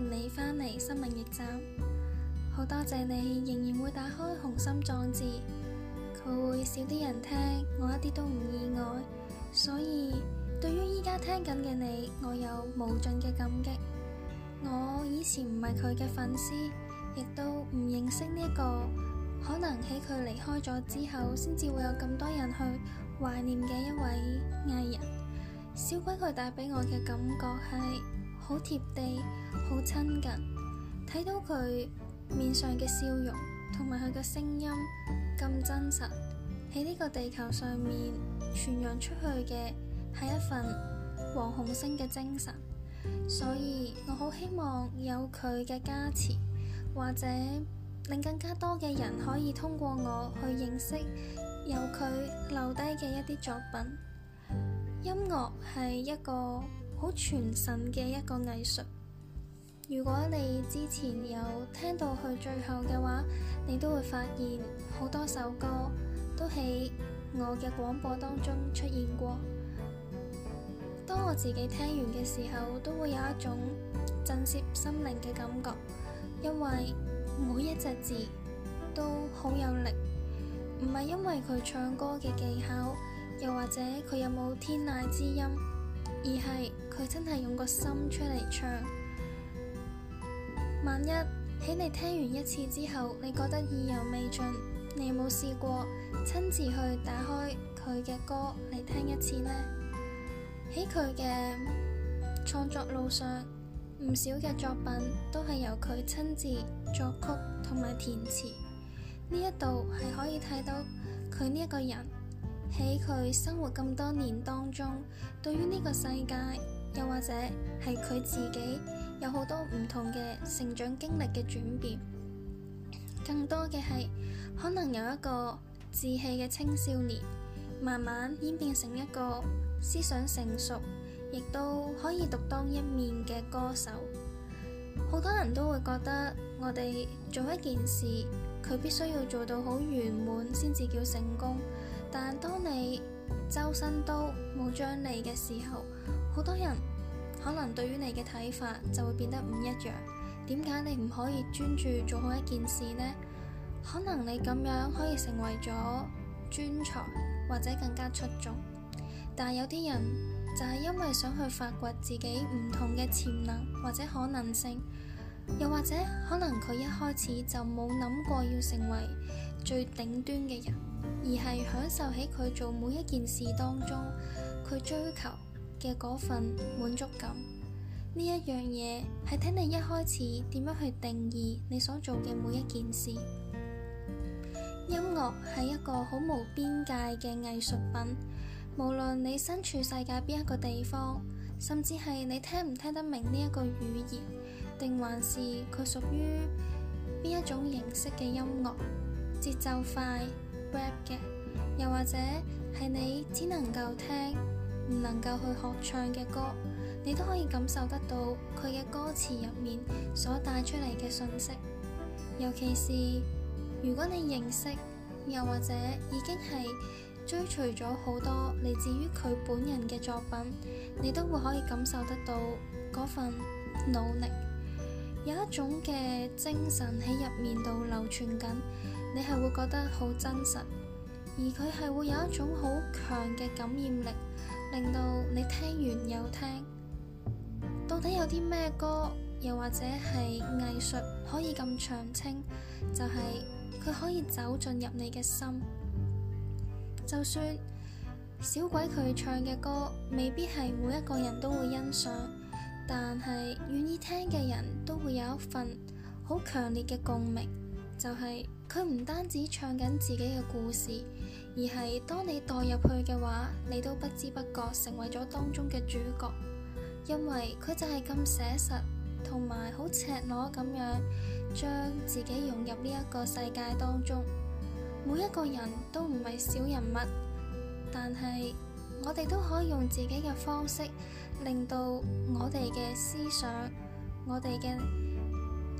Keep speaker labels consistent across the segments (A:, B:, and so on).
A: 你返嚟新聞驛站，好多謝你仍然會打開鴻心葬至。佢會少啲人聽，我一啲都唔意外。所以對於依家聽緊嘅你，我有無盡嘅感激。我以前唔係佢嘅粉絲，亦都唔認識呢、這、一個可能喺佢離開咗之後，先至會有咁多人去懷念嘅一位藝人。小鬼，佢帶俾我嘅感覺係。好貼地，好親近，睇到佢面上嘅笑容，同埋佢嘅聲音咁真實，喺呢個地球上面傳揚出去嘅係一份黃鴻升嘅精神。所以我好希望有佢嘅加持，或者令更加多嘅人可以通過我去認識有佢留低嘅一啲作品。音樂係一個好傳神嘅一個藝術。如果你之前有聽到佢最後嘅話，你都會發現好多首歌都喺我嘅廣播當中出現過。當我自己聽完嘅時候，都會有一種震懾心靈嘅感覺，因為每一隻字都好有力。唔係因為佢唱歌嘅技巧，又或者佢有冇天籟之音。而係佢真係用個心出嚟唱。萬一喺你聽完一次之後，你覺得意猶未盡，你有冇試過親自去打開佢嘅歌嚟聽一次呢？喺佢嘅創作路上，唔少嘅作品都係由佢親自作曲同埋填詞。呢一度係可以睇到佢呢一個人。喺佢生活咁多年當中，對於呢個世界，又或者係佢自己，有好多唔同嘅成長經歷嘅轉變。更多嘅係，可能由一個稚氣嘅青少年，慢慢演變成一個思想成熟，亦都可以獨當一面嘅歌手。好多人都會覺得，我哋做一件事，佢必須要做到好圓滿先至叫成功。但當你周身刀冇張利嘅時候，好多人可能對於你嘅睇法就會變得唔一樣。點解你唔可以專注做好一件事呢？可能你咁樣可以成為咗專才或者更加出眾。但有啲人就係因為想去發掘自己唔同嘅潛能或者可能性，又或者可能佢一開始就冇諗過要成為最頂端嘅人。而係享受起佢做每一件事當中，佢追求嘅嗰份滿足感呢一樣嘢，係聽你一開始點樣去定義你所做嘅每一件事。音樂係一個好無邊界嘅藝術品，無論你身處世界邊一個地方，甚至係你聽唔聽得明呢一個語言，定還是佢屬於邊一種形式嘅音樂，節奏快嘅，又或者係你只能夠聽，唔能夠去學唱嘅歌，你都可以感受得到佢嘅歌詞入面所帶出嚟嘅信息。尤其是如果你認識，又或者已經係追隨咗好多嚟自於佢本人嘅作品，你都會可以感受得到嗰份努力，有一種嘅精神喺入面度流傳緊。你係會覺得好真實，而佢係會有一種好強嘅感染力，令到你聽完又聽。到底有啲咩歌，又或者係藝術可以咁長青？就係、是、佢可以走進入你嘅心。就算小鬼佢唱嘅歌未必係每一個人都會欣賞，但係願意聽嘅人都會有一份好強烈嘅共鳴，就係、是。佢唔單止唱緊自己嘅故事，而係當你代入去嘅話，你都不知不覺成為咗當中嘅主角。因為佢就係咁寫實，同埋好赤裸咁樣，將自己融入呢一個世界當中。每一個人都唔係小人物，但係我哋都可以用自己嘅方式，令到我哋嘅思想，我哋嘅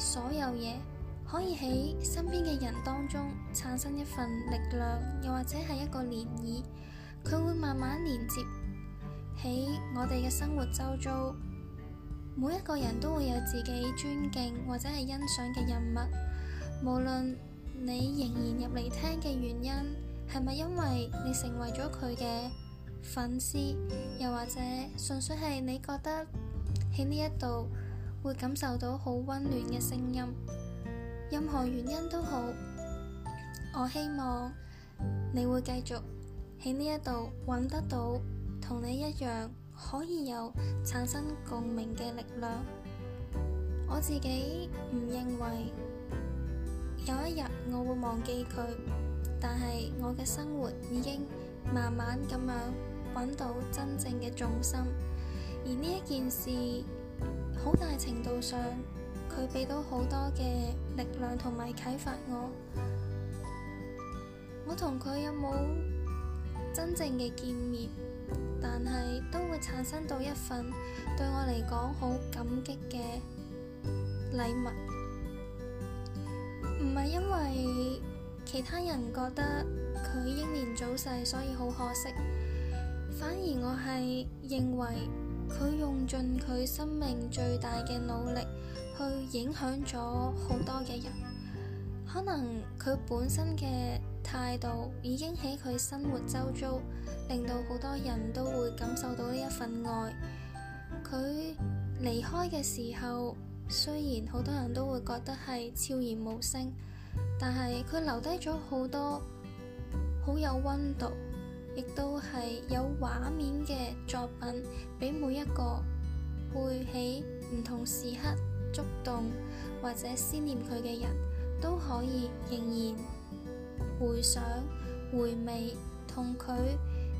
A: 所有嘢。可以喺身邊嘅人當中產生一份力量，又或者係一個漣漪。佢會慢慢連接喺我哋嘅生活周遭。每一個人都會有自己尊敬或者係欣賞嘅人物。無論你仍然入嚟聽嘅原因係咪因為你成為咗佢嘅粉絲，又或者純粹係你覺得喺呢一度會感受到好溫暖嘅聲音。任何原因都好，我希望你會繼續喺呢一度揾得到同你一樣可以有產生共鳴嘅力量。我自己唔認為有一日我會忘記佢，但係我嘅生活已經慢慢咁樣揾到真正嘅重心，而呢一件事好大程度上。佢俾到好多嘅力量同埋啟發我，我同佢有冇真正嘅見面，但係都會產生到一份對我嚟講好感激嘅禮物。唔係因為其他人覺得佢英年早逝，所以好可惜，反而我係認為佢用盡佢生命最大嘅努力。佢影響咗好多嘅人，可能佢本身嘅態度已經喺佢生活周遭，令到好多人都會感受到呢一份愛。佢離開嘅時候，雖然好多人都會覺得係悄然無聲，但係佢留低咗好多好有溫度，亦都係有畫面嘅作品，俾每一個背起唔同時刻。觸動或者思念佢嘅人都可以仍然回想、回味同佢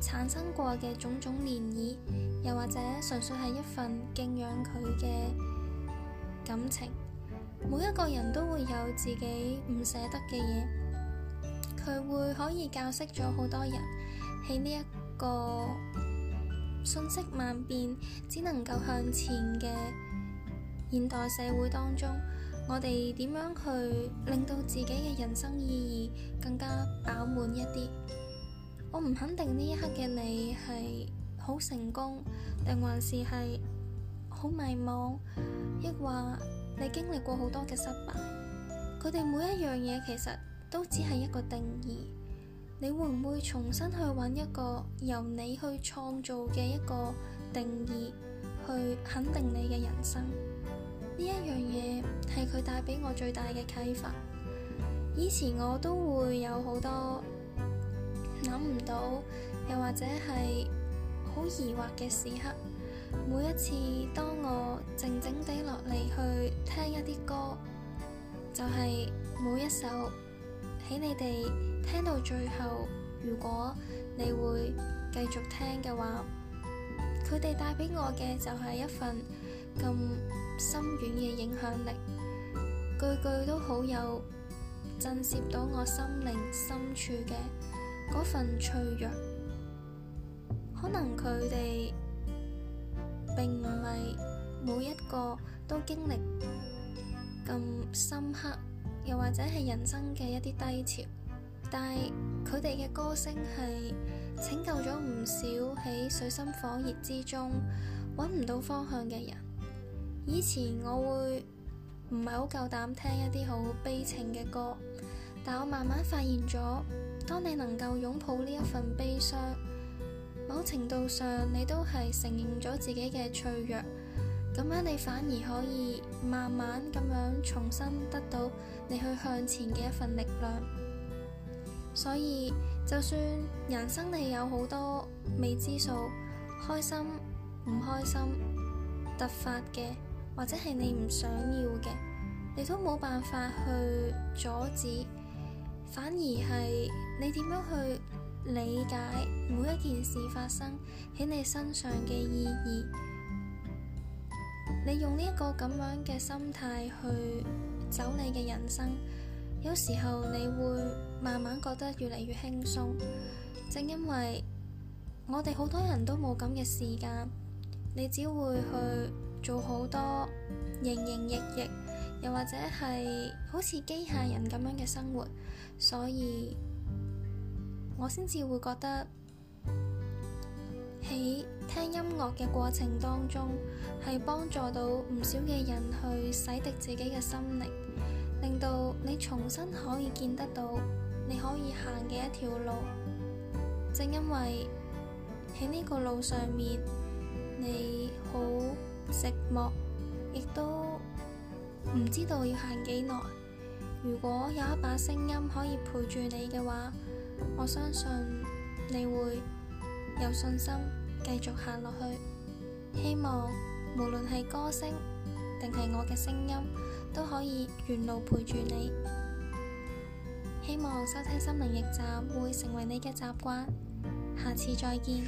A: 產生過嘅種種漣漪，又或者純粹係一份敬仰佢嘅感情。每一個人都會有自己唔捨得嘅嘢，佢會可以教識咗好多人喺呢一個瞬息萬變，只能夠向前嘅。現代社會當中，我哋點樣去令到自己嘅人生意義更加飽滿一啲？我唔肯定呢一刻嘅你係好成功，定還是係好迷茫，抑或你經歷過好多嘅失敗。佢哋每一樣嘢其實都只係一個定義。你會唔會重新去揾一個由你去創造嘅一個定義，去肯定你嘅人生？呢一樣嘢係佢帶俾我最大嘅啟發。以前我都會有好多諗唔到，又或者係好疑惑嘅時刻。每一次當我靜靜地落嚟去聽一啲歌，就係每一首喺你哋聽到最後，如果你會繼續聽嘅話，佢哋帶俾我嘅就係一份咁。深遠嘅影響力，句句都好有震懾到我心靈深處嘅份脆弱。可能佢哋並唔係每一個都經歷咁深刻，又或者係人生嘅一啲低潮，但係佢哋嘅歌聲係拯救咗唔少喺水深火熱之中搵唔到方向嘅人。以前我會唔係好夠膽聽一啲好悲情嘅歌，但我慢慢發現咗，當你能夠擁抱呢一份悲傷，某程度上你都係承認咗自己嘅脆弱，咁樣你反而可以慢慢咁樣重新得到你去向前嘅一份力量。所以就算人生你有好多未知數，開心唔開心，突發嘅。或者係你唔想要嘅，你都冇辦法去阻止，反而係你點樣去理解每一件事發生喺你身上嘅意義。你用呢一個咁樣嘅心態去走你嘅人生，有時候你會慢慢覺得越嚟越輕鬆。正因為我哋好多人都冇咁嘅時間，你只會去。做好多營營役役，又或者係好似機械人咁樣嘅生活，所以我先至會覺得喺聽音樂嘅過程當中，係幫助到唔少嘅人去洗滌自己嘅心靈，令到你重新可以見得到你可以行嘅一條路。正因為喺呢個路上面，你好寂寞，亦都唔知道要行幾耐。如果有一把聲音可以陪住你嘅話，我相信你會有信心繼續行落去。希望無論係歌聲定係我嘅聲音，都可以沿路陪住你。希望收聽心靈驛站會成為你嘅習慣。下次再見。